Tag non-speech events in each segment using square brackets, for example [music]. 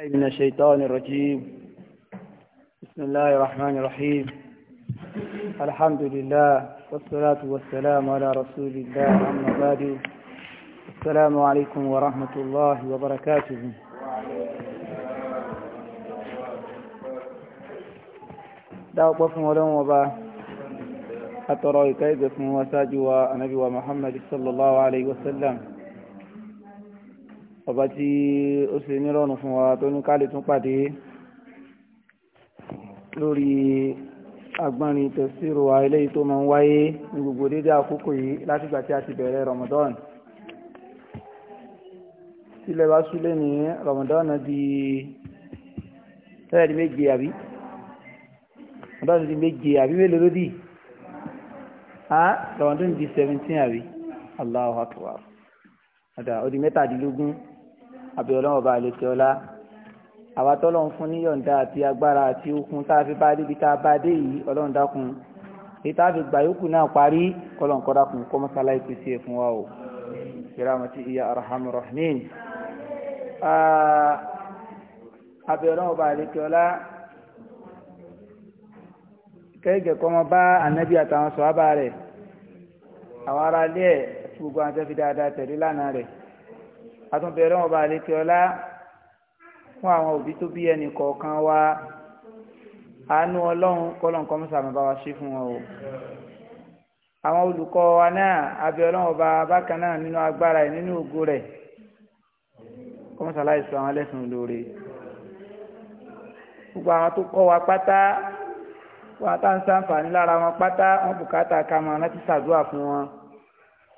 من الشيطان الرجيم بسم الله الرحمن الرحيم الحمد لله والصلاة والسلام على رسول الله أما بعد السلام عليكم ورحمة الله وبركاته dáwọ́pọ̀ fún ọlọ́run وبا أترى كيف ìgbẹ̀ fún wa ṣáájú wa anábíwa muhammad sallallahu ọba tí ó ṣe nírọ̀rùn fún wa tó ní káàlì tún pàdé lórí agbọ́nrin tẹ̀síro wa eléyìí tó máa ń wáyé ní gbogbo dédé àkókò yìí látìgbà tí a ti bẹ̀rẹ̀ Ramadan sílẹ̀ bá súlé ní Ramadan di tẹ́lẹ̀ méje àbí Ramadan di méje àbí mélòó lódì Ramadan di seventeen àbí Allahu Akbar ọ̀dà ó di mẹ́tàdínlógún àbí ọlọ́run bá lè tẹ ọlá àwa tọ́lọ́run fún níyọ̀ǹda àti agbára àti okun tá a fi bá débi tá a bá dé yìí ọlọ́run dákun èyí tá a fi gbà yókù náà parí kọ́lọ́n kọ́ dákun kọ́ mọ́sálá ìpèsè ẹ̀ fún wa o ìrámọ̀tí ìyá arahamu rahmin àbí ọlọ́run bá lè tẹ ọlá kẹ́gẹ̀ẹ́ kọ́ mọ́ bá ànábì àtàwọn sọ̀hábà rẹ̀ àwọn ará ilé ẹ̀ gbogbo àwọn tó fi dáadáa tẹ̀lé lánàá rẹ̀ àtúnbẹ̀rẹ̀ wọn bá létí ọlá fún àwọn òbí tó bí ẹnì kọ̀ọ̀kan wa àánú ọlọ́run kọ́lọ̀ nǹkan mọ́sà máa bá wa ṣe fún wọn o àwọn olùkọ́ wa náà abẹ́ ọlọ́run ọba bákan náà nínú agbára ẹ̀ nínú ògo rẹ̀ kọ́mọ́sà láìsọ àwọn ẹlẹ́sìn olóore gbogbo àwọn tó kọ́ wa pátá wọn àtàǹsàǹfà ní wọn pátá wọn bùkátà ká máa láti ṣàdúrà fún wọn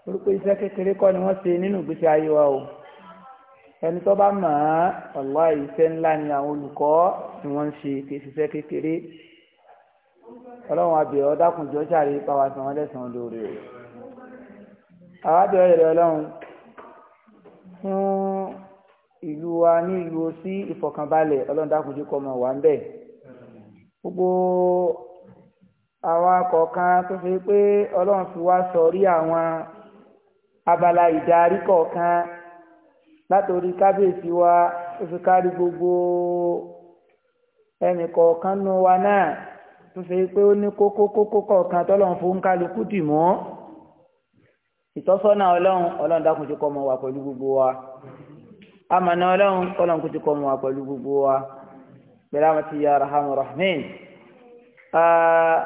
orúkọ iṣẹ́ kékeré kọ́ ni wọ́n ṣe nínú ìgbésí ayé wa o ẹni tó bá mọ̀ ọ́n ọ̀lá iṣẹ́ ńlá ni àwọn olùkọ́ ni wọ́n ń ṣe kì í ṣiṣẹ́ kékeré ọlọ́run àbẹ̀ ọ̀dákùnjọ́ sáré pàwọ́ àti wọn lẹ́sàn-án lóore o àwádìí ọ̀rẹ́ ọlọ́run fún ìlú wa ní ìlú sí ìfọ̀kànbalẹ̀ ọlọ́run dákùnjọ́ kọ́ mọ̀ wá ń bẹ̀ gbogbo àwọn akọ̀ọ̀kan tó fi pé ọlọ́run fi wá sọrí àwọn abala ìdarí kọ̀ọ̀kan látòrí kábíyèsí wa tó fi kárí gbogbo ẹnì kọ̀ọ̀kan nu wa náà tó fi pé ó ní kókó kókó kọ̀ọ̀kan tọ́lọ́run fún kálukú dì mọ́ ìtọ́sọ́nà ọlọ́run ọlọ́run dákun ti kọ́ ọmọ wa pẹ̀lú gbogbo wa amànà ọlọ́run ọlọ́run kò ti kọ́ ọmọ wa pẹ̀lú gbogbo wa pẹ̀lú àwọn ti yára hàmù rahmin. Ah,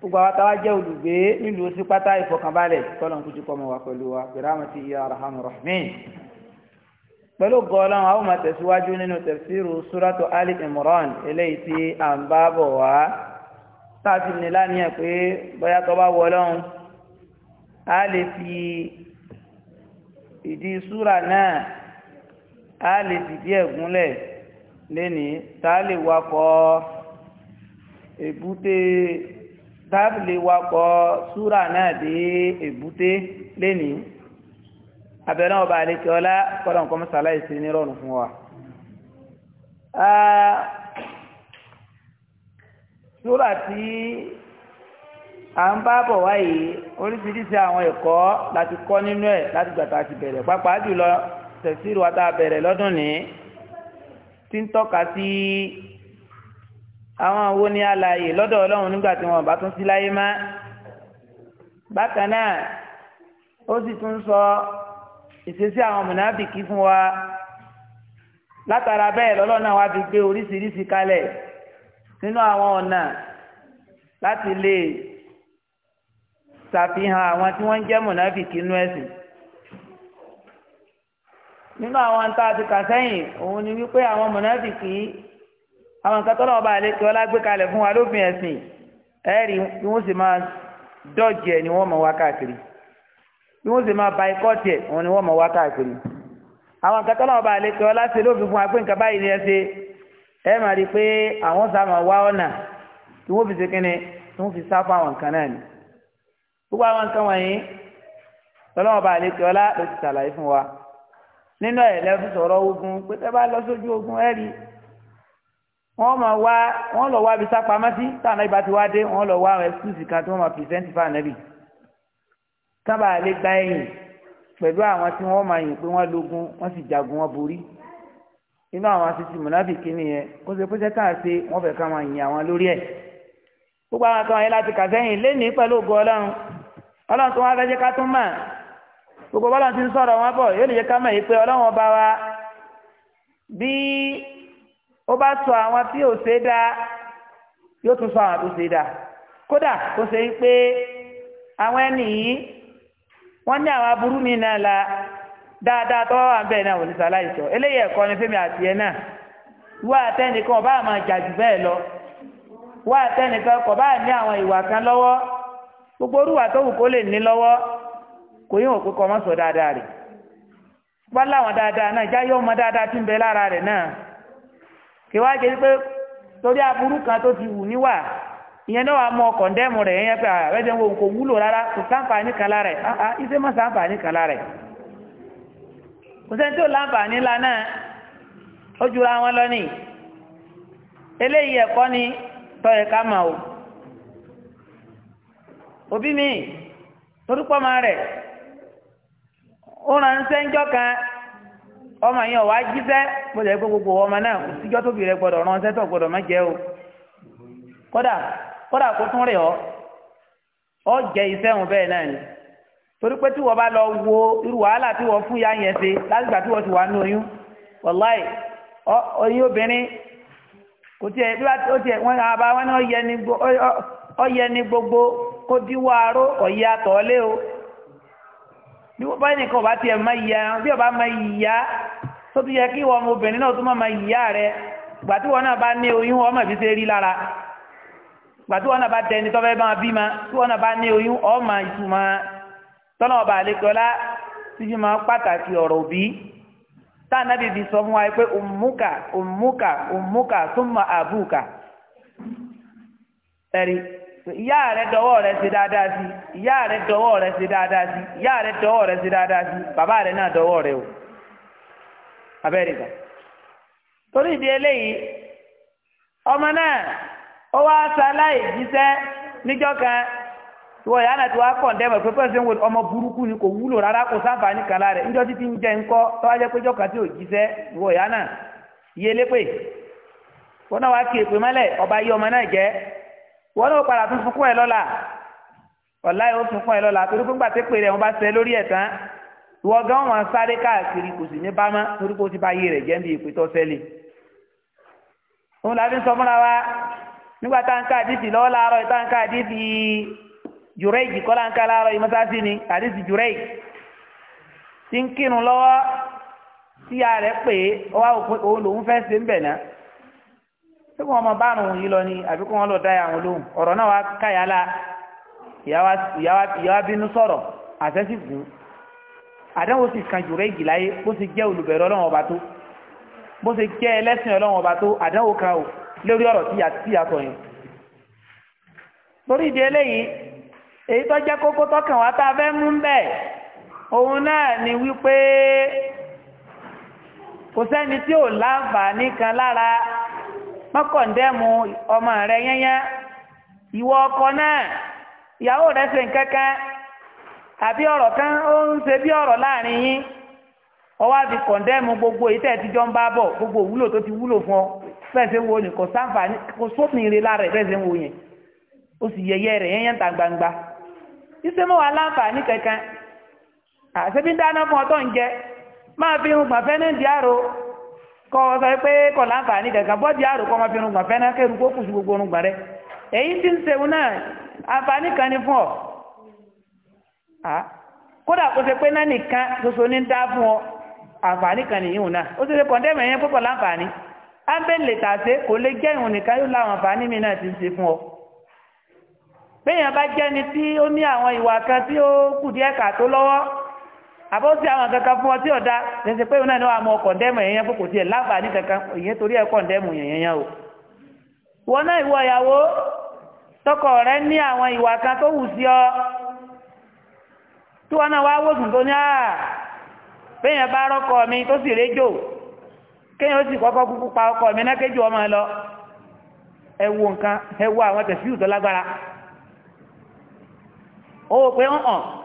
gbogbo àwọn táwa jẹ́ olùgbé nílùú sí pátá ìfọkànbalẹ̀ tọ́lọ̀ kújú kọ́ mọ́ wa pẹ̀lú wa biramati ya arhamu rahmin pẹ̀lú gọ́ọ̀lọ́n àwọn máa tẹ̀síwájú nínú tafsiru suratu ali imran eléyìí tí à ń bá bọ̀ wá táàtì ní lánìyàn pé bóyá tó bá wọlọ́n a lè fi ìdí súra náà a lè fìdí ẹ̀ gúnlẹ̀ tá a lè wakọ̀ èbúté dábìlì wakọ̀ súrà náà dé èbúté lénìí abẹ́rẹ́ ọba àlekè ọlá kọ́dọ̀ nǹkan mọ́sálàyé sí ní rọrùn fún wa. súrà tí à ń bá bọ̀ wáyé oríṣiríṣi àwọn ẹ̀kọ́ láti kọ́ nínú ẹ̀ láti gbàtà àti bẹ̀rẹ̀ pàápàá jùlọ tẹ̀síìrì wa tá a bẹ̀rẹ̀ lọ́dún ní tí ń tọ́ka sí àwọn wo ni alààyè lọ́dọ̀ ọlọ́run nígbà tí wọn bá tún sí láyé má bákan náà ó sì tún sọ ìṣesí àwọn mùnàbìkì fún wa látara bẹ́ẹ̀ lọ́lọ́ náà wá fi gbé oríṣiríṣi kalẹ̀ nínú àwọn ọ̀nà láti lè ṣàfihàn àwọn tí wọ́n ń jẹ́ mùnàbìkì nú ẹ̀sìn nínú àwọn tá a ti kà sẹ́yìn òun ni wípé àwọn mùnàbìkì àwọn nǹkan tọ́lọ́ ọba àlekè ọlá gbé kalẹ̀ fún wa lófin ẹ̀sìn ẹ̀rí bí wọ́n sì máa dọ́jì ẹ̀ ni wọ́n mọ̀ wá káàkiri bí wọ́n sì máa ba ikọ́ tiẹ̀ òun ni wọ́n mọ̀ wá káàkiri àwọn nǹkan tọ́lọ́ ọba àlekè ọlá ṣe lófin fún wa pé nǹkan báyìí ni ẹ ṣe ẹ máa rí i pé àwọn sàmà wá ọ̀nà tí wọ́n fi ṣe kíni tí wọ́n fi sá fún àwọn nǹkan náà ni gbogbo àwọn nǹkan wọ̀nyí tọ́lọ́ ọba àlekè ọlá ló ti ṣàlàyé fún wa nínú ẹ̀ lẹ́fún sọ̀rọ̀ ogun pé tẹ́ bá lọ sójú ogun ẹ̀ rí i wọ́n máa wá wọ́n lọ wá ibi sápamọ́ sí táwọn náà ibà ti wá dé wọ́n lọ wá àwọn ẹ̀sùsì kan tí wọ́n máa pìrìsẹ́ǹtì fáwọn náà sábà lè gba ẹ̀yìn pẹ̀lú àwọn tí wọ́n máa yìn pé wọ́n lógun wọ́n sì jagun wọn borí inú àwọn asisi mùnàfíkì nìyẹn kó ṣe pé sẹ́tàn ṣe wọ́n fẹ́ ká máa yìn àwọn lórí ẹ̀ gbogbo àwọn kan yẹn láti kà sẹ́yìn lénìí pẹ̀lú ògo ọlọ́run ọlọ́run tó wá fẹ́ ó bá sọ àwọn tí ò ṣe dáa yóò tún sọ àwọn tó ṣe dáa kódà kó ṣe ń pé àwọn ẹni yìí wọ́n ní àwọn aburú mi náà la dáadáa tó wà ń bẹ̀ náà òní sáláì sọ eléyìí ẹ̀kọ́ ni fẹ́mi àti ẹ̀ náà wá àtẹnìkan ọba àmọ́ ìjà jù bẹ́ẹ̀ lọ wá àtẹnìkan kọ̀ bá ní àwọn ìwà kan lọ́wọ́ gbogbo orúwà tó wù kó lè ní lọ́wọ́ kò yíwọ̀n pé kọ́ mọ́ sọ dáadáa rẹ̀ wọ́n láwọn dáadáa náà ìjà yóò dáadáa tí ń bẹ lára rẹ̀ náà kí wá pé torí aburú kan tó ti wù níwà ìyẹn náà wàá mọ kọ̀ndẹ́mù rẹ̀ yẹn pé àbẹ́sẹ̀ ah, wo kò wúlò rárá kò sáǹfààní kan lára ẹ̀ ah, ah, má kan lára ẹ̀ kò sẹ́ni tó láǹfààní ó jura wọn lọ́nì eléyìí o òbí mi torúpọ̀ máa rẹ̀ ó ràn ọmọ yẹn wàá jíṣẹ́ gbọ́dọ̀ gbogbo ọmọ náà kò tóbi rẹ gbọ́dọ̀ ránṣẹ́ tó gbọ́dọ̀ má o kódà kódà kó tún rẹ ọ ọ́ jẹ iṣẹ́ òun bẹ́ẹ̀ náà ni torí pé tí bá lọ wo irú wàhálà tí fún ya yẹn ṣe lásìgbà tí wọ́n ti wà ní oyún wàláì oyún obìnrin kò bí ọ yẹ ni gbogbo bí wọ́n bá nìkan ọba tiẹ̀ máa yá bí ọba máa yá tó ti yẹ kí wọ́n ọmọbìnrin náà tún máa yá rẹ gbà tí wọ́n náà bá ní oyún ọmọ ìfi ṣe rí lára gbà tí wọ́n náà bá tẹni tọ́fẹ́ bá bí ma tí wọ́n náà bá ní oyún ọmọ ìtumọ̀ tọ́nà ọba àlekọ́lá títí máa pàtàkì ọ̀rọ̀ òbí tá ànábì fi sọ fún wa pé òmùkà òmùkà òmùkà tó mọ àbúkà ẹ̀rí ìyá rẹ dọwọ́ rẹ ṣe dáadáa sí ìyá rẹ dọwọ́ rẹ ṣe dáadáa sí ìyá rẹ dọwọ́ rẹ ṣe dáadáa sí bàbá rẹ náà rẹ o abẹ́rẹ́ gbà torí ìdí eléyìí ọmọ náà ó wá sáláì jíṣẹ́ níjọ́ kan ìwọ ìyá náà ti wá kọ̀ ǹdẹ́mọ̀ pé pẹ́sẹ̀ ń wo ọmọ burúkú ni kò wúlò rárá kò sáǹfààní kan lára rẹ̀ níjọ́ títí ń ńkọ́ tí ò jíṣẹ́ ìwọ ìyá wọn náà padà tún sunkún ẹ lọ́la ọ̀la yóò sunkún ẹ lọ́la torí pé ńgbà tí pé rẹ̀ wọ́n bá sẹ́ lórí ẹ̀ tán ìwọ gan wọn sáré káàkiri kò sì ní bá mọ́ torí pé ó ti bá yé rẹ̀ jẹ́ níbi ìpè tó sẹ́lẹ̀ òun làbí ń sọ fúnra wa nígbà tá à ń ká àdìsí lọ́wọ́ láàárọ̀ tá à ń ká àdìsí jùrẹ́ẹ̀jì kọ́ là ń ká láàárọ̀ yìí mọ́sáàsì ni àdìsí jùrẹ́ẹ̀jì ti ń kírun lọ́wọ́ tíya rẹ̀ pé òun lòún fẹ́ ṣe ń bẹ̀ náà tí wọ́n mọ bá àrùn yìí lọ ni àbí kí wọ́n lọ dá àwọn lóhùn ọ̀rọ̀ náà wá káyàlá ìyáwá bínú sọ̀rọ̀ àtẹ́sí gùn àdánwò sì kan jùrẹ́ ìgì láyé bó ti jẹ́ olùbẹ̀rẹ̀ ọlọ́run ọba tó bó ti jẹ́ ẹlẹ́sìn ọlọ́run ọba tó àdánwò kan ò lórí ọ̀rọ̀ tí a yẹn torí ìdí eléyìí èyí tó jẹ́ kókó tọkàn wá tá a fẹ́ mú bẹ́ẹ̀ òun náà ni wípé kò sẹ́ni tí ò láǹfààní kan lára mọ́kàndẹ́mu ọmọ rẹ yányá ìwọ ọkọ náà ìyàwó rẹ ṣe nǹkankan àbí ọ̀rọ̀ kan ó ń ṣe bí ọ̀rọ̀ láàrin yín ọwọ́ àti kọ̀ndẹ́mu gbogbo èyí tẹ̀ jọ ń bá gbogbo òwúlò tó ti wúlò fún ọ bẹ́ẹ̀ ṣe ń wo sáǹfààní kò sófin ire lára ẹ̀ ṣe ń wo yẹn ó sì yẹyẹ rẹ̀ ta gbangba mọ́ wa láǹfààní kankan àṣebí dáná fún ọtọ́ ń jẹ kọ́ ọ sọ pé kọ̀ láǹfààní kankan bọ́ọ̀dì àrò kọ́ ọmọ fi irùngbọ̀n fẹ́ náà kẹ́rù kó kùsù gbogbo irùngbọ̀n rẹ èyí tí ń sẹ́wọ́n náà àǹfààní kan ní fún ọ kódà kó ṣe pé náà nìkan ṣoṣo ní dá fún ọ àǹfààní kan nìyí wò náà ó ti ṣe kọ̀ndẹ́mù ẹ̀yẹn pé kọ̀ láǹfààní ábẹ́lẹ̀ tàṣe kò lè jẹ́ ìwọ̀n nìkan yóò láwọn àǹfààní mi náà ti ṣe fún ọ béèyàn bá jẹ́ni tí ó ní àwọn ìwà kan tí ó kù díẹ̀ kà tó lọ́wọ́ àbọ̀ sí àwọn kankan fún ọ tí ọ̀dá lẹ́sẹ̀ pé òun náà ni wọ́n á mọ kọ̀ndẹ́mù yẹn fún kò tiẹ̀ láǹfààní kankan torí ẹ̀ o. wọn náà ìwọ ìyàwó tọkọ rẹ ní àwọn ìwà kan tó wù sí ọ tí wọn náà wá wòsùn tó ní à bá mi tó sì kéèyàn ó sì kọ́kọ́ kúkú pa ọkọ mi náà ọmọ lọ ẹ wo nǹkan ẹ wo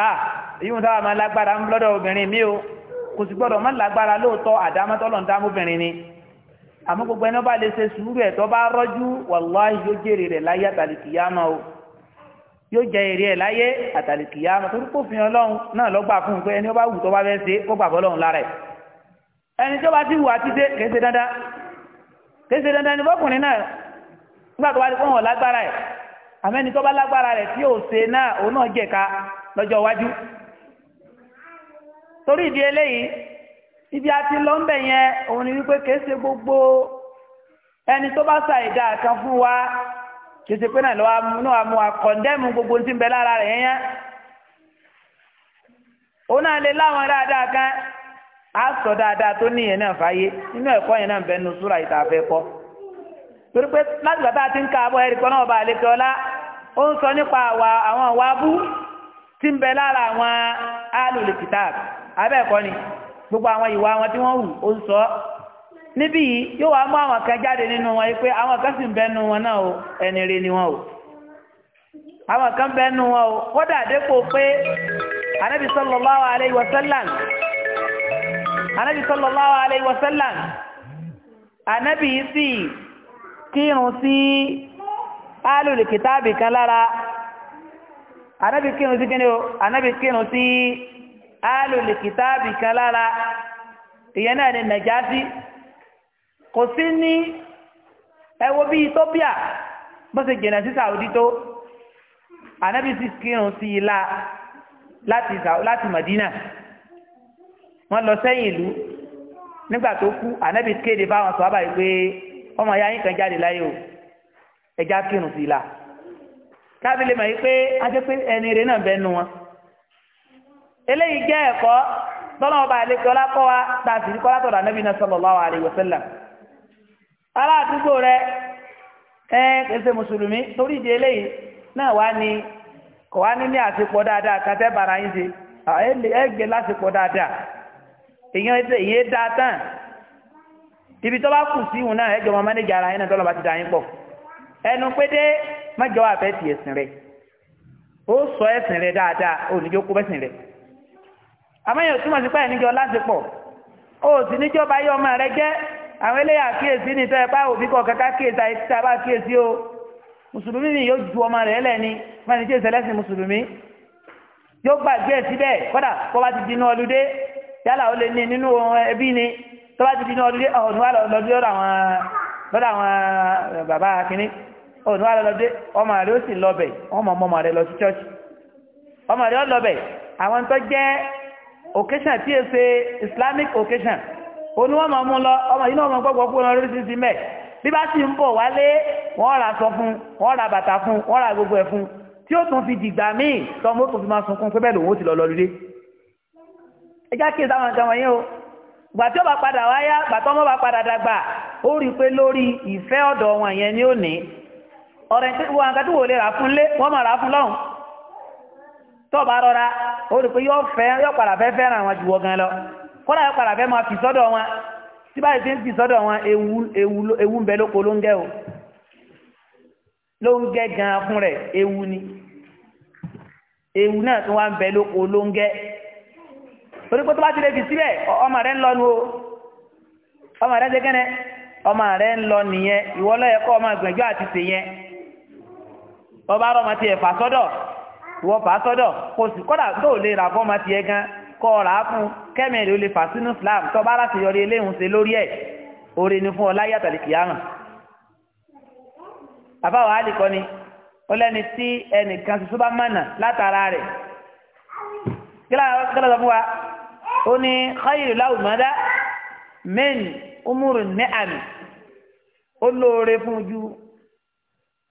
ah èyí wọn sábà máa lágbára lọ́dọ̀ obìnrin mi o kò sì gbọ́dọ̀ máa lágbára lóòótọ́ àdámọ́tọ́lọ̀ ń dámú obìnrin ni àmọ́ gbogbo ẹni bá lè ṣe sùúrù ẹ̀ tó bá rọ́jú wàláhì yóò jèrè rẹ̀ láyé àtàlìkìyàmọ́ o yóò jẹ èrè ẹ̀ láyé àtàlìkìyàmọ́ torí kò fi ọlọ́run náà lọ́gbà fún un pé ẹni ó bá wù tó bá fẹ́ ṣe kó gbà fọlọ́run lára ẹ̀ ẹni tó bá ti wù àti dé kèéṣe dandan kèéṣe dandan ni fọkùnrin náà nígbà tó bá ti fọwọ́n lágbára ẹ̀ àmẹ́ni tó bá lágbára rẹ̀ tí yóò ṣe náà òun náà lọ́jọ́ iwájú torí ìdí eléyìí ibi àti lọ́ńbẹ̀ yẹn òun ni wípé kìí ṣe gbogbo ẹni tó bá sa ìdá kan fún wa kìí ṣe pé náà lọ́wọ́ mú wa kọ̀ndẹ́mù gbogbo tí ń bẹ lára rẹ̀ yẹn yẹn òun náà lè láwọn dáadáa kan á sọ dáadáa tó níyẹn náà fàyè nínú ẹ̀kọ́ yẹn náà bẹ́ẹ̀ nu súra ìta fẹ́ kọ́ torí pé láti gbàtà ti ń ka àbọ̀ ẹ̀rí kan náà ọba àlekẹ́ ọlá ó ń sọ nípa àwọn àwa abú tí ń bẹ lára àwọn alùlù kìtàb abẹ́ẹ̀kọ́ ni gbogbo àwọn ìwà wọn tí wọ́n hù ó ń sọ níbí yìí yóò wá mú àwọn kan jáde nínú wọn yìí pé àwọn kan sì ń bẹ nu wọn náà o ẹni rè ni wọn o àwọn kan bẹ nu wọn o kódà dépò pé anabi sallallahu alayhi wa sallam anabi sallallahu alayhi wa sallam anabi sì kírun sí alùlù kìtàbì kan lára. anabi kírun sí kíni o anabi kírun sí alòlè kìtàbì kan lára ìyẹn náà ni nàìjásí kò sí ní ẹ wo Ethiopia bó ṣe jìnnà sí Saudi tó anabi sì kírun sí i láti láti Madina wọn lọ sẹ́yìn ìlú nígbà tó kú anabi kéde fáwọn sọ àbáyé pé ọmọ ya yín kan jáde láyé o ẹja kírun sí i kábílẹ̀ mọ̀ pé ajẹ́ pé ẹni rẹ̀ náà bẹ́ẹ̀ nu wọn. eléyìí jẹ́ ẹ̀kọ́ tọ́lá ọba àlejò ọlákọ́ wa tá a sì kọ́lá tọ̀dọ̀ anábì náà rẹ ẹ kẹsẹ̀ mùsùlùmí torí ìdí eléyìí náà wá ní kò wá ní ní àsepọ̀ dáadáa kàtẹ́ bàrà ibi tó bá kù sí ìhùn náà ẹ ẹnu pété mẹjọ wà fẹ́ ti ẹ̀sìn rẹ̀ ó sọ ẹ̀sìn rẹ̀ dáadáa ó níjó kó bẹ́sìn rẹ̀ àmọ́yẹ̀ túmọ̀ sí pé ẹ̀níjọ láti pọ̀ ó sì níjọ bá yọ ọmọ rẹ̀ jẹ́ àwọn eléyà kíyèsí ní sẹ́yìn bá òbí kọ̀ kẹ́kẹ́ kíyèsí àyè títà bá kíyèsí o mùsùlùmí ni yóò ju ọmọ rẹ̀ lẹ́ni fún ẹni tí èsì ẹlẹ́sìn mùsùlùmí yóò gbàgbé ẹ̀ síbẹ̀ kódà kó bá ti dinú ọlúdé yálà ó lè ní nínú ẹbí ni tó bá ti dinú ọlúdé ọ̀hún wà lọ́dún lọ́dún lọ́dún àwọn eh, bàbá kìnnìkan òun wà lọ́dẹ ọmọ rẹ ó sì lọ́bẹ̀ ọmọ ọmọ rẹ lọ sí church ọmọ rẹ ó lọ́bẹ̀ àwọn tó jẹ́ occasion tí e ṣe islamic occasion òun wọ́n máa mú lọ ọmọ yìí náà wọ́n gbọ́gbọ́ kó lọ lórí ti mẹ́ bí bá sì ń bọ̀ wálé wọ́n ra aṣọ fún wọ́n ra bàtà fún wọ́n ra gbogbo ẹ̀ fún tí ó tún fi dìgbà míì tọmọ ó tún fi máa sunkún pé bẹ́ẹ̀ lòun ó ti lọ lọ lulẹ̀ ẹ já kí ìsáwọn nǹkan wọ̀nyí o gbà tí ó bá padà wáyá gbà tọ́mọ́ bá padà dàgbà ó rí i pé lórí ìfẹ́ ọ̀dọ̀ wọn yẹn ni ó ní ọ̀rẹ́ tí wọn àgàtú wò lè rà fún lé wọ́n máa rà fún lọ́hùn tọ́ọ̀bù arọ́ra ó rí pé yóò fẹ́ yóò padà fẹ́ fẹ́ràn àwọn jù wọ́n gan lọ kọ́lá yóò padà fẹ́ máa fi sọ́dọ̀ wọn tí báyìí ti ń fi sọ́dọ̀ wọn ewu o ló ń gẹ́ gan fún rẹ̀ ewu ni ewu ti lè fi síbẹ̀ ọmọ ń lọ o ọmọ ń ṣe kẹ́nẹ́ ọmọ ń lọ nìyẹn ọmọ ìgbẹ̀jọ́ ọba rọ ọmọ tiẹ̀ fà sọ́dọ̀ ìwọ fà sọ́dọ̀ kò sì kọ́dà tó lè rà fọ́mọ tiẹ̀ gan kọ́ ọ̀rà fún kẹ́mẹ̀rẹ̀ ó lè fà sínú Islam tọ́ba láti yọrí eléhùn ṣe lórí ẹ̀ oore ni fún ọláyà tàlìkìyàmà àbáwọ̀ àlìkọ́ ni ó lẹ́ni tí ẹnìkan ṣoṣo bá mọ̀nà látara rẹ̀ kílá sọ fún wa ó ní khayru láwùmọ́dá mẹ́ni umuru nẹ́àmì ó lóore fún ojú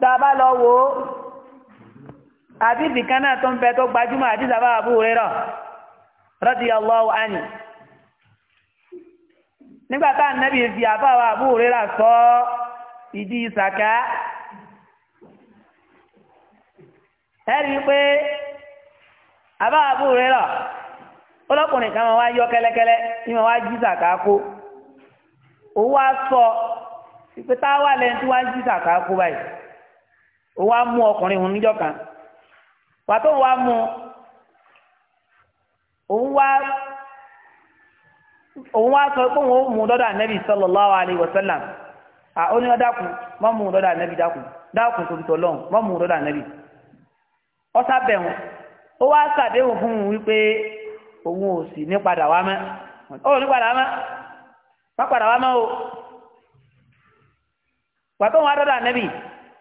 tá a bá lọ wò ó àdìsí náà tó ń bẹ tó gbajúmọ̀ àdìsí àbá Abu Hurairah radiyallahu anhu nígbà tá ànábì fi àbá sọ ìdí ìsàkà ẹ̀rí pé àbá Abu Hurairah ọlọ́kùnrin kan wá yọ kẹ́lẹ́kẹ́lẹ́ ní máa wá jí sàkà kó òun wá sọ tí jí sàkà kó ó wá mú ọkùnrin òun níjọ́ kan pàtó wá mú òun wá òun wá sọ pé òun ó mú dọ́dọ̀ ànẹ́bì sallallahu alaihi wasallam ó ní dákun mọ́ mú dọ́dọ̀ ànẹ́bì dákun dákun tó tọ̀ lọ́hùn mọ́ mú dọ́dọ̀ ànẹ́bì ọ̀sá bẹ̀ wọn ó wá sàdéhùn fún un wípé òun ò sì ní padà wá mọ́ ó ní padà mọ́ má padà wá mọ́ o pàtó wọn á dọ́dọ̀ ànẹ́bì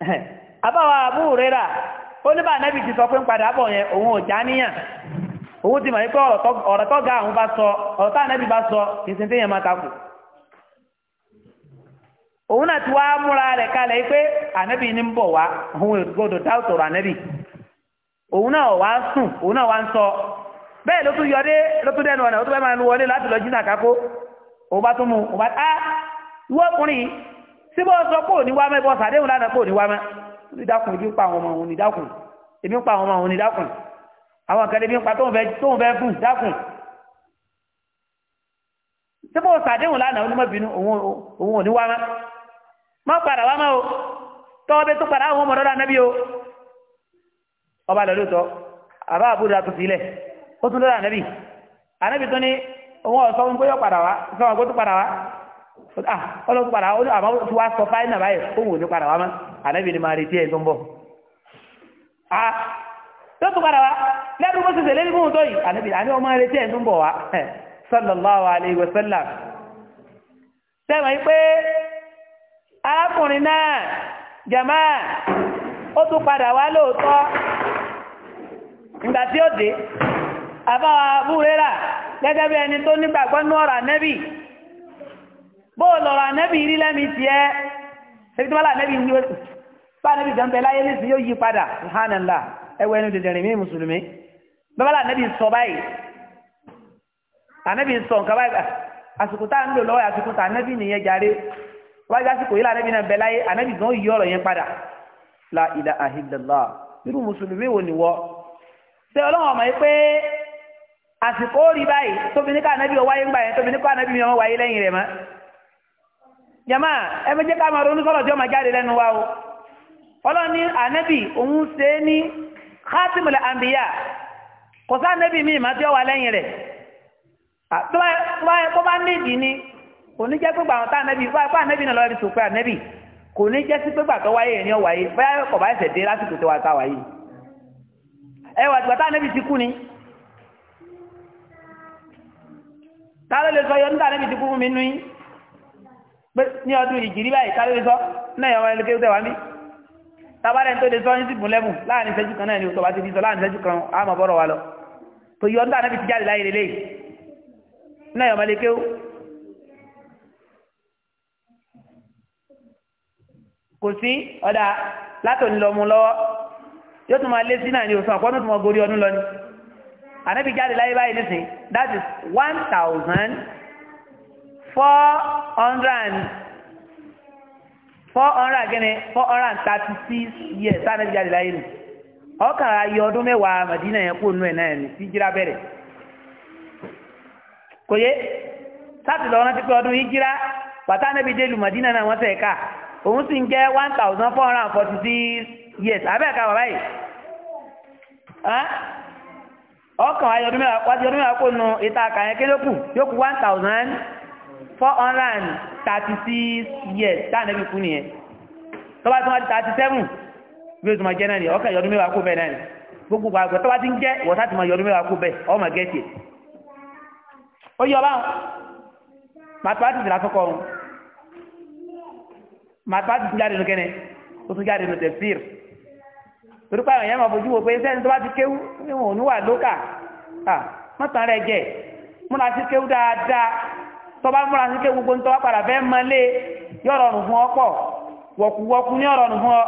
àbáwá àbúrò rẹ́rà ó ní bá anábì ti sọ pé ń padà bọ̀ yẹn òun ò já níyàn òun ti mọ̀ wípé ọ̀rọ̀ tó ga àwọn bá sọ ọ̀rọ̀ tó anábì bá sọ ìsìn téèyàn máa takò òun náà ti wá múra rẹ̀ kalẹ̀ pé anábì ní ń bọ̀ wá òun gbọdọ̀ dá òtòrò anábì òun náà wá ń sùn òun náà wá ń sọ bẹ́ẹ̀ ló tún yọdé ló tún dẹnu tí bọ́ sọ pé òní wá mẹ́ bọ́ sàdéhùn lánàá pé òní wá mẹ́ onídàkùn ibi ń pa àwọn ọmọ òun nídàkùn èmi ń pa àwọn ọmọ òun nídàkùn àwọn nǹkan ibi ń pa tóun fẹ́ tóun fẹ́ fún dákùn tí bọ́ sàdéhùn lánàá onímọ̀bìnú òun òní wá mẹ́ má padà wá mẹ́ o tọ́wọ́ bẹ tó padà àwọn ọmọ ọ̀dọ́dà nẹ́bí o ọba lọ lóòótọ́ àbá àbúrò àtún sílẹ̀ ó tún lọ́dà nẹ́bí ànẹ́bí tó ní òun ọ̀sọ́ wọn pé yọ padà wá sọ Ah, ọlọ́run padà ó ní àmọ́ tí wàá sọ fáínà báyìí ó wò ní padà wá mọ́ ànábì ni máa retí ẹ̀ tó ń bọ̀. a ah, tó tún padà wá lẹ́nu bó ṣe ṣe lẹ́nu fún tóyì ànábì àní ọmọ retí ẹ̀ tó ń bọ̀ wá sallallahu alaihi wasallam. sẹ́wọ̀n yìí pé arákùnrin náà jama ó tún padà wá lóòótọ́ ìgbà tí ó dé àbáwá búrẹ́rà gẹ́gẹ́ bí ẹni tó nígbàgbọ́ nú ọ̀rọ̀ ànábì bó lọ́rọ̀ ànẹ́bì rí lẹ́mi ti ẹ́ ẹbí tó bá lànẹ́bì ń yíwé bá ànẹ́bì gan bẹ láyé nísìnyí yóò yí padà subhanallah ẹwọ mi mùsùlùmí bàbá ànẹ́bì sọ báyìí ànẹ́bì sọ nǹkan báyìí àsìkò tá à ń lò lọ́wọ́ àsìkò tá nìyẹn jáde àsìkò yìí náà láyé la jama ẹ fẹ́ jẹ́ ká máa ronú sọ̀rọ̀ tí ó máa jáde lẹ́nu wa o ọlọ́run ní ànábì òun ṣe é ní khatimul anbiya kò sá ànábì míì má tí ó wà lẹ́yìn rẹ̀ tó bá nídìí ni kò ní jẹ́ pípa àwọn tá ànábì pípa ànábì náà lọ́wọ́ ibi tó pé ànábì kò ní jẹ́ sí pípa tó wáyé ìrìn ọ̀wáyé báyà kò bá ẹsẹ̀ lásìkò tó wà tá wáyé ẹ wà tìgbà tá ànábì ti kú ni tá ló lè sọ yọ níta ti kú fún mi nú yín pé ní ọdún ìjìrí báyìí ká ló lè sọ náà yọ ọmọ ẹni kéwú tẹwàá mí tabarẹ́ tó lè sọ ní sígun lẹ́bùn láàrin ìṣẹ́jú kan náà ni òtọ́ bá ti fi sọ láàrin ìṣẹ́jú kan àmọ́ bọ́rọ̀ wa lọ tó yọ ọdún àná fi ti jáde láyé lélẹ́yìí náà yọ ọmọ ẹni kéwú kò sí ọ̀dà látòun lọ mú lọ́wọ́ yóò tún máa lé sí náà ní òsàn àpọ́nù tún mọ gorí ọdún lọ ni ànábì jáde láyé báyìí nísìn that is one thousand four hundred and four hundred gẹ́ni four hundred and thirty six years sáà nàìjíríà lè láyé nù ọkàn ayé ọdún mẹ́wàá màdínà yẹn kó nù ẹ̀ náà ní ìjírá bẹ̀rẹ̀ kò yé sáàtì lọ́wọ́ rántí pé ọdún ìjírá pàtà níbi délù màdínà náà wọ́n tẹ̀ ká òun sì ń jẹ́ one thousand four hundred and forty six years abẹ́ẹ̀ká wà báyìí ọkàn ayé ọdún mẹ́wàá kó nù ìta àkàyẹ́kẹ́ lókù yókù one thousand. four hundred and thirty six years táà nẹ́bí kú nìyẹn tọ́ba tí wọ́n ti thirty seven bí ma jẹ́ náà ni ọkàn yọdún mẹ́wàá kó bẹ́ẹ̀ náà ni gbogbo àgbẹ̀ tọ́ba ti ń jẹ́ wọ́n sáà ti ma yọdún mẹ́wàá kú bẹ́ẹ̀ ọmọ gẹ́ẹ̀tì ó yọ báwọn mathematics la kọ́kọ́ wọn jáde ló kẹ́nẹ́ ó tún jáde ló tẹ̀síìr torí pé àwọn máa fojú wo pé sẹ́ni tó bá ti kéwú níwọ̀n oníwà lókà mọ́tàn rẹ̀ jẹ́ múra sí kéwú dáadáa tọba múra sí ké gbogbo ntọ́wá padà fẹ́ mọ lé yọ̀rọ̀ ọ̀rùn fún ọ pọ̀ wọ̀kúwọ́kú ní ọ̀rọ̀ ọ̀rùn fún ọ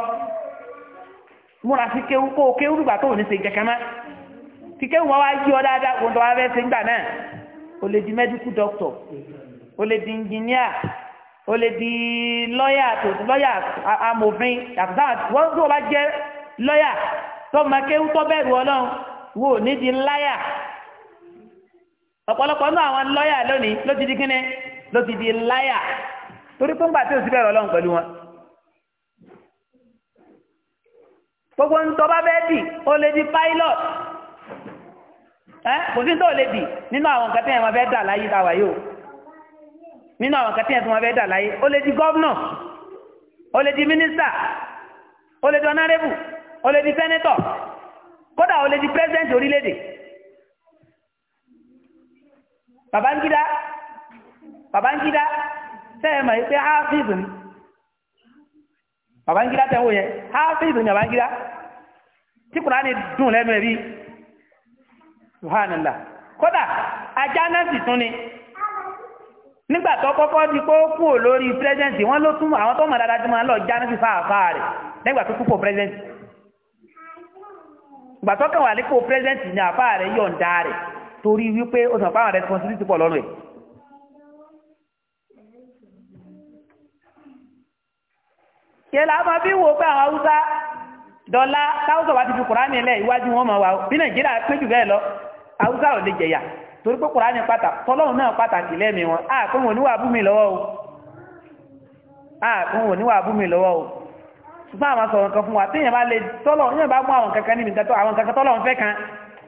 múra sí kéwú kó o kéwú tó ní ṣe kẹkẹ mọ́ tí kéwú wọn wá yí ọ dáadáa kó ntọ́wá fẹ́ ṣe ńgbà náà o lè di medical doctor o lè di engineer o lè di lọ́yà tó lọ́yà amòfin yàtọ̀ sáà wọ́n tó o bá jẹ́ lọ́yà tó o máa kéwú tó bẹ̀rù ọlọ́run wo ọ̀pọ̀lọpọ̀ náà àwọn lọ́yà lónìí ló ti di kíni ló ti di láyà torí pé ńgbà tí ò sí bẹ̀rẹ̀ ọlọ́run pẹ̀lú wọn. gbogbo ń tọ́ bá bẹ́ẹ̀ dì ó lè di pilot kò sí tó lè dì nínú àwọn nǹkan tí wọn fẹ́ dà láyé táwa yóò nínú àwọn nǹkan tí wọn fẹ́ dà láyé ó lè di gọ́vnọ̀ ó lè di mínísítà ó lè di ọ̀nàrẹ́bù ó lè di sẹ́nẹ́tọ̀ kódà ó lè di pírẹ́sẹ̀ǹtì orílẹ̀-èdè. Babangida Babangida sẹ́yìn mọ̀ pé hafiz Babangida tẹ̀ ni Babangida tí Kùránì dùn lẹ́nu ẹ̀rí subhanallah kódà ajá náà sì tún ni nígbà tó kọ́kọ́ di kó kú lórí pírẹ́sẹ̀ǹtì wọ́n ló tún àwọn tó mọ̀ dáadáa tí lọ já náà sì fàáfàá rẹ̀ nígbà tó kú pọ̀ pírẹ́sẹ̀ǹtì gbàtọ́kẹ̀wà ní pírẹ́sẹ̀ǹtì àfáà rẹ̀ yọ̀ǹda rẹ̀ torí wípé ó sàn fáwọn responsibility pọ̀ lọ́rùn ẹ̀ yẹlẹ àwọn bí wo pé àwọn haúsá dọ́là táwùsọ̀ wa ti fi kùránì lẹ̀ iwájú wọn mọ̀ wa bí nàìjíríà pé jù bẹ́ẹ̀ lọ haúsá ò lè jẹ̀yà torí pé kùránì pàtàkì tọ́lọ́run náà pàtàkì lẹ́mìí wọn a kún wọn níwà búmi lọ́wọ́ o a kún wọn níwà búmi lọ́wọ́ o ṣùgbọ́n àwọn sọ̀rọ̀ kan fún wa téèyàn bá lè tọ́lọ́run yóò bá mú àwọn kankan níbi àwọn kankan tọ́lọ́run fẹ́ kan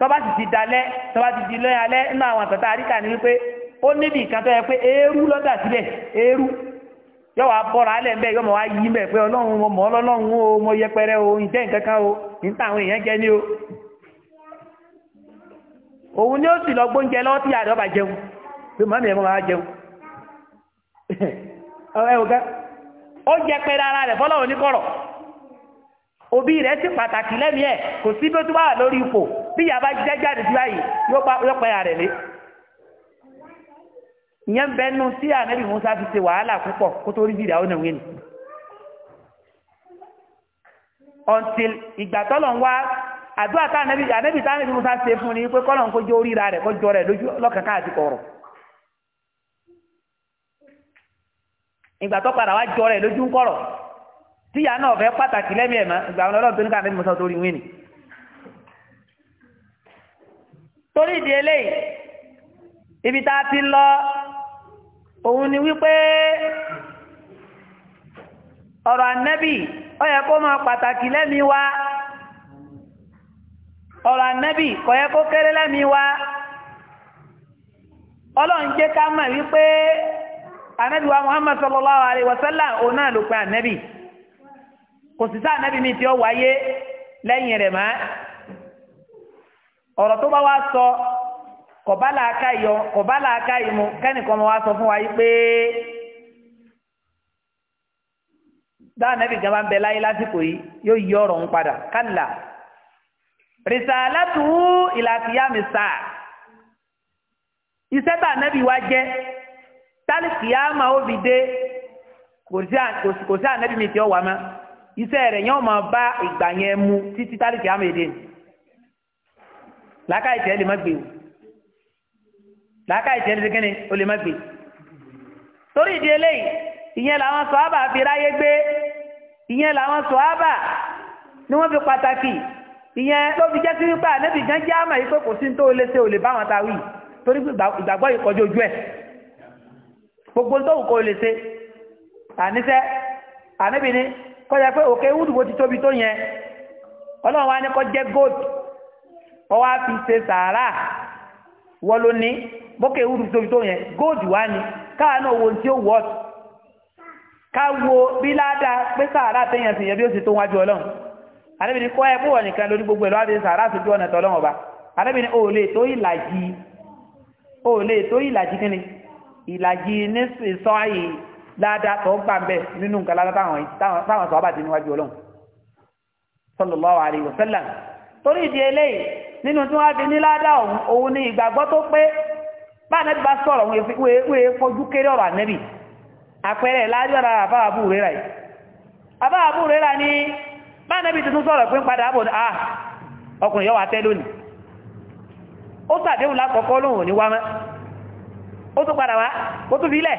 tọ́ba sì ti dalẹ́ tọ́ba ti di lọ́yìn alẹ́ nínú àwọn àtọ̀tà àríkà ni wípé ó níbi ìkan tó yẹ pé eérú lọ́dà yọ wá bọ́ra alẹ́ mbẹ́ mọ̀ wá yí mbẹ́ pé ọlọ́run mo mọ̀ ọlọ́run o mo yẹpẹrẹ o ǹjẹ́ nǹkan kan o níta àwọn èèyàn jẹ ní o òun ni ó sì lọ gbóúnjẹ lọ́wọ́ tí àdó bá jẹun pé màmí ẹ̀ mọ́ máa jẹun [laughs] ó jẹpẹrẹ ara rẹ̀ fọlọ́run ní Obi rẹ̀ pataki pàtàkì lẹ́mìí ẹ̀ kò sí bí ó tún wà lórí ipò bí ìyá bá jẹ́ jáde sí báyìí yóò pẹ́ lé. ń bẹnu tí ànábì Musa fi ṣe wàhálà púpọ̀ kó tó rí bìrì àwọn ènìyàn ni. until ìgbà tọ́lọ̀ ń wá Musa ṣe fún ni pé kọ́lọ̀ ń kójú rẹ̀ kọjọ rẹ̀ lójú ìgbà tíyà náà fẹ́ pàtàkì lẹ́mí ẹ̀ máa gbà tó ní káàdé torí wí ni. torí ìdí eléyìí ibi tá a ti lọ òun ni wípé ọ̀rọ̀ ànẹ́bì ó yẹ kó máa pàtàkì lẹ́mí wa ọ̀rọ̀ ànẹ́bì kọ yẹ kó kéré lẹ́mí ọlọ́run jẹ́ ká mọ̀ wípé ànẹ́bì wa òun náà ló kò sì sáà nábì mi tí ó wáyé lẹ́yìn rẹ̀ mọ́ ọ̀rọ̀ tó bá wá sọ kọ̀bá làákà yọ kọ̀bá làákà yìí mu kẹ́nìkan wá sọ fún wa yìí pé dáhùn nábì gan bá ń bẹ láyé lásìkò yìí yóò yí ọ̀rọ̀ ń padà kálà rìsàlátù ìlàkìyàmì sáà iṣẹ́ bá nábì wá jẹ́ tálíkìyàmà ó fi dé kò sí ànábì mi tí ó wà mọ́ iṣẹ́ rẹ̀ yẹn máa bá ìgbà yẹn mu títí tálíkì àmèdè làákà ìtẹ́ lè má gbé o làákà ìtẹ́ lè kíni o lè má gbé torí ìdí eléyìí ìyẹn làwọn sọ̀hábà fi ráyé gbé ìyẹn làwọn sọ̀hábà ni wọ́n fi pàtàkì ìyẹn ló fi jẹ́ sí wípé ànẹ́bì gan jẹ́ àmà yìí pé kò sí ní tó lé sí olè bá wọn ta wí torí ìgbàgbọ́ yìí kọjú ojú ẹ̀ gbogbo tó wù kó lè ṣe àníṣẹ́ ànẹ́bì ni kọjá pé òkè wúdùbò ti tóbi tó yẹn ọlọ́run wa ní kọ́ jẹ́ gold wọ́n wá fi ṣe sàárà wọ́n ló ní bókè wúdùbò tóbi tó yẹn gold wá ní káà náà wo tí ó wọ́ ká wo bí ládàá pé sàárà téèyàn sì yẹ bí ó ṣe tó wájú ọlọ́run àdébìnrin kọ́ ẹ fún nìkan lórí gbogbo ẹ̀ lọ́wọ́ àti sàárà sójú ọ̀nà tọ́lọ́run ọba àdébìnrin ò lè tó ìlàjì ò lè tó ìlàjì kíni ìlàjì ní sọ láàdá tó ń gbà ń bẹ nínú nǹkan lára táwọn táwọn sọ àbàdé níwájú Ọlọ́run sallallahu alaihi wasallam torí ìdí eléyìí nínú tí wọn fi ní láàdá òun ní ìgbàgbọ́ tó pé bá ànábì bá sọ̀rọ̀ wọn fojú kéré ọ̀rọ̀ ànábì àpẹẹrẹ láàdí ọ̀rọ̀ àbáwàbù rẹ̀ rà yìí àbáwàbù rẹ̀ rà ní bá ànábì tuntun sọ̀rọ̀ pé ń padà bọ̀ ah ọkùnrin yọ wà tẹ́ lónìí ó sàdéhùn lákọ̀ọ́kọ́ lóhùn ní wámẹ́ ó tún padà wá ó tún fi ilẹ̀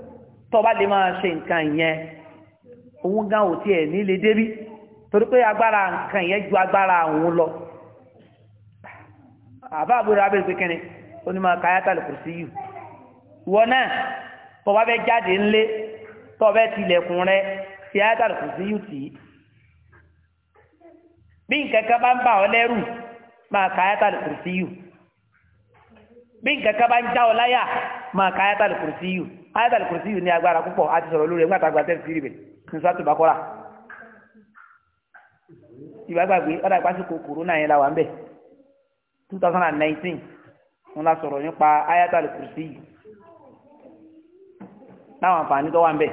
tó bá lè máa ṣe nǹkan yẹn òun gan ò tiẹ̀ nílé débí torí pé agbára nǹkan yẹn ju agbára òun lọ àbá àbúrò abẹ́rẹ́ pé kẹ́ni ó ní máa ka ayatollah kò sí yìí wọ náà tó bá fẹ́ jáde ńlé tó bá fẹ́ tilẹ̀kùn rẹ ti ayatollah kò sí yìí tì í bí nǹkan kan bá ń bà ọ́ lẹ́rù máa ka ayatollah kò sí yìí bí nǹkan bá ń já ọ láyà máa ka ayatollah kò sí yìí ayatul kursi yìí ní agbára púpọ̀ a ti sọ̀rọ̀ lórí ẹgbẹ́ àtàgbà tẹ́lẹ̀ sí ibẹ̀ ní sọ́tù bàkọ́rà ìbágbàgbé ọ̀dà ìpásíkò kòrónà yẹn la wà ń bẹ̀ 2019 wọn la sọ̀rọ̀ nípa ayatul kursi yìí láwọn àǹfààní tó wà ń bẹ̀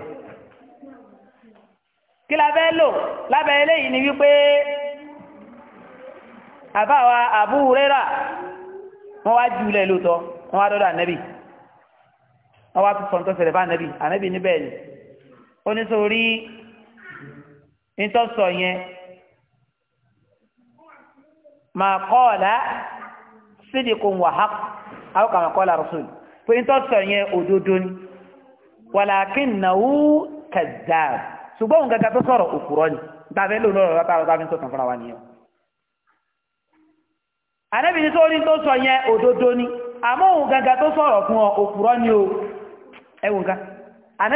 kí la fẹ́ lò lábẹ́ eléyìí ni wípé àbáwa Abu Huraira wá jùlẹ̀ lóòótọ́ wọn wá dọ́dọ̀ ọwọ́ àti sọ̀tọ̀ sẹ̀rẹ̀ bá anabi anabi níbẹ̀ ni ó ní sórí nítòsọ yẹn màá kọ́ ọ̀la sídìkùn wàhálà àwọn kàmá kọ́ ọ̀la rasul pé nítòsọ yẹn òdodo ni wàlàkín nàwó kàdáàbù ṣùgbọ́n òun gàgà tó sọ̀rọ̀ òkúrọ́ ni tàbí ló lọ́rọ̀ látàrọ̀ tàbí tó tàn fúnra wa nìyẹn. ànábì ní sórí tó yẹn òdodo ni àmọ́ gàgà tó sọ̀rọ̀ fún ọ òkúrọ́ ni o ẹwù nǹkan a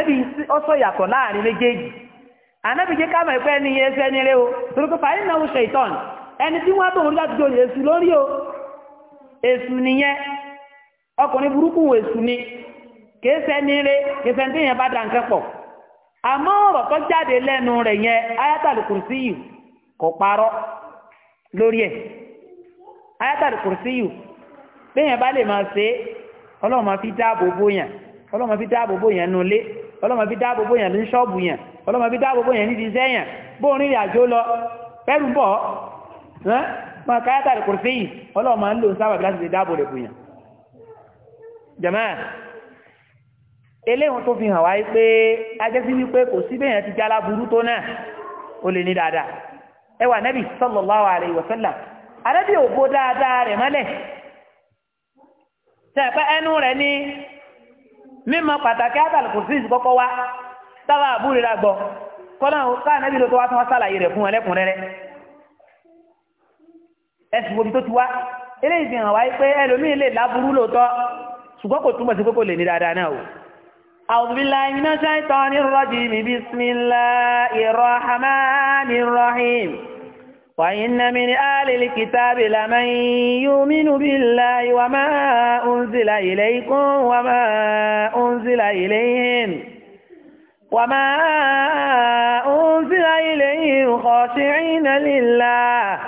ọsọ yàtọ̀ láàrin méjèèjì ànábì jẹ́ káàmà ìpẹ́ ní iye ẹsẹ́ nílé o torókò fàáyé náà ó ṣe ìtọ́n ẹni tí wọ́n tóun lórí o èṣù nìyẹn ọkùnrin burúkú èṣù ni nílé tí yẹn bá da nǹkan pọ̀ àmọ́ ọ̀rọ̀ tó jáde lẹ́nu rẹ̀ yẹn ayatul kùrùsí yìí kò parọ́ lórí ẹ̀ ayatul kùrùsí yìí yẹn bá lè máa ṣe máa fi dáàbò ọlọ́mọ fi dáàbò bò yẹn nulé ọlọ́mọ fi dáàbò bò yẹn ní ṣọ́ọ̀bù yẹn ọlọ́mọ fi dáàbò bò yẹn nídìí iṣẹ́ yẹn bó ń rìnrìn àjò lọ pẹ́rù bọ̀ máa káyátà rẹ̀ kùrùsí yìí ọlọ́mọ ń lò ń sábà láti dáàbò rẹ̀ bò yẹn. jẹ̀mọ́ eléyìí tó fi hàn wáyé pé ajẹ́sí wípé kò sí bẹ́ẹ̀ yẹn ti sallallahu alaihi wasallam àrẹ́bì òbó dáadáa rẹ̀ mọ́lẹ̀ ẹnu rẹ̀ ní mímọ̀ pàtàkì àtàlù kò sí ìsìkọ́kọ́ wá tábà àbúrò rà gbọ́ kọ́nà káà nẹ́bí ló tó wá tó wá sàlàyé rẹ̀ fún ẹlẹ́kùnrẹ́rẹ́ ẹ̀sùn omi tó ti wá eléyìí fi hàn wáyé pé ẹlòmíín lè láburú lóòótọ́ ṣùgbọ́n kò túmọ̀ sí pé kò lè ní dáadáa náà o. أعوذ بالله من الشيطان الرجيم بسم الله الرحمن الرحيم وإن من آل الكتاب لمن يؤمن بالله وما أنزل إليكم وما أنزل إليهم وما أنزل إليهم خاشعين لله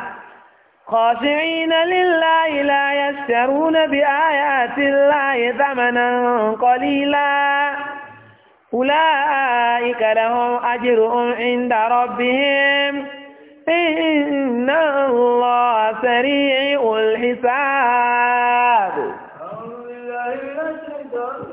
خاشعين لله لا يشترون بآيات الله ثمنا قليلا أولئك لهم أجرهم عند ربهم إن الله سريع الحساب